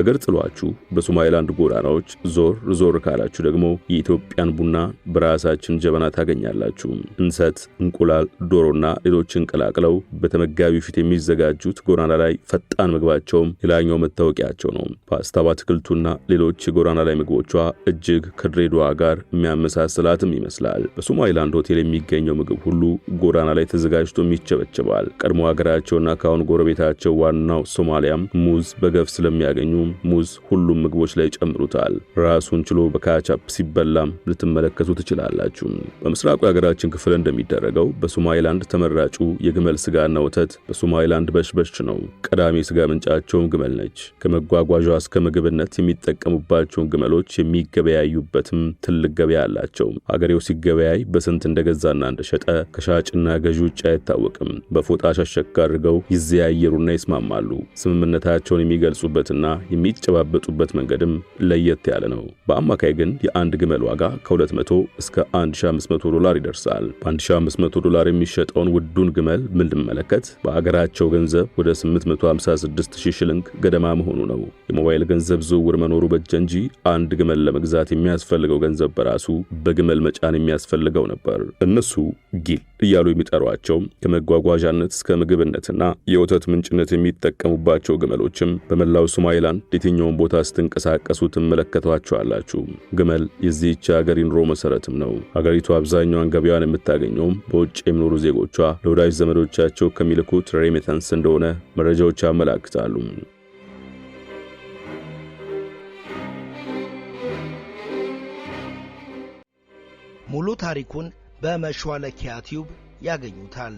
አገር ጥሏችሁ በሶማሌላንድ ጎዳናዎች ዞር ዞር ካላችሁ ደግሞ የኢትዮጵያን ቡና በራሳችን ጀበና ታገኛላችሁ። እንሰት፣ እንቁላል፣ ዶሮና ሌሎችን ቀላቅለው በተመጋቢው ፊት የሚዘጋጁት ጎዳና ላይ ፈጣን ምግባቸውም ሌላኛው መታወቂያቸው ነው። ፓስታ በአትክልቱና ሌሎች የጎዳና ላይ ምግቦቿ እጅግ ከድሬዳዋ ጋር የሚያመሳስላትም ይመስላል። በሶማሌላንድ ሆቴል የሚገኘው ምግብ ሁሉ ጎዳና ላይ ተዘጋጅቶም ይቸበቸባል። ቀድሞ ሀገራቸውና ከአሁን ጎረቤታቸው ዋናው ሶማሊያም ሙዝ በገፍ ስለሚያገኙ ሙዝ ሁሉም ምግቦች ላይ ጨምሩታል። ራሱን ችሎ በካቻፕ ሲበላም ልትመለከቱ ትችላላችሁ። በምስራቁ የሀገራችን ክፍል እንደሚደረገው በሶማሌላንድ ተመራጩ የግመል ስጋና ወተት በሶማሌላንድ በሽበሽ ነው። ቀዳሚ ስጋ ምንጫቸውም ግመል ነች። ከመጓጓዣ እስከ ምግብነት የሚጠቀሙባቸውን ግመሎች የሚገበያዩበትም ትልቅ ገበያ አላቸው። አገሬው ሲገበያይ በስንት እንደገዛና እንደሸጠ ከሻጭና ገዢ ውጭ አይታወቅም። በፎጣ ሸሸክ አድርገው ይዘያየሩና ይስማማሉ። ስምምነታቸውን የሚገልጹበትና የሚጨባበጡበት መንገድም ለየት ያለ ነው። በአማካይ ግን የአንድ ግመል ዋጋ ከ200 እስከ 1500 ዶላር ይደርሳል። በ1500 ዶላር የሚሸጠውን ውዱን ግመል ምንመለከት በአገራቸው ገንዘብ ወደ 856 ሺህ ሽልንግ ገደማ መሆኑ ነው። የሞባይል ገንዘብ ዝውውር መኖሩ በጀ እንጂ አንድ ግመል ለመግዛት የሚያስፈልገው ገንዘብ በራሱ በግመል መጫን የሚያስፈልገው ነበር። እነሱ ጊል እያሉ የሚጠሯቸው ከመጓጓዣነት እስከ ምግብነትና የወተት ምንጭነት የሚጠቀሙባቸው ግመሎችም በመላው ሶማሌላንድ የትኛውን ቦታ ስትንቀሳቀሱ ትመለከቷቸዋላችሁ። ግመል የዚህች ሀገር ኑሮ መሰረትም ነው። ሀገሪቱ አብዛኛዋን ገበያዋን የምታገኘውም በውጭ የሚኖሩ ዜጎቿ ለወዳጅ ዘመዶቻቸው ከሚልኩት ሬሜታንስ እንደሆነ መረጃዎች ያመላክታሉ። ሙሉ ታሪኩን በመሿለኪያ ቲዩብ ያገኙታል።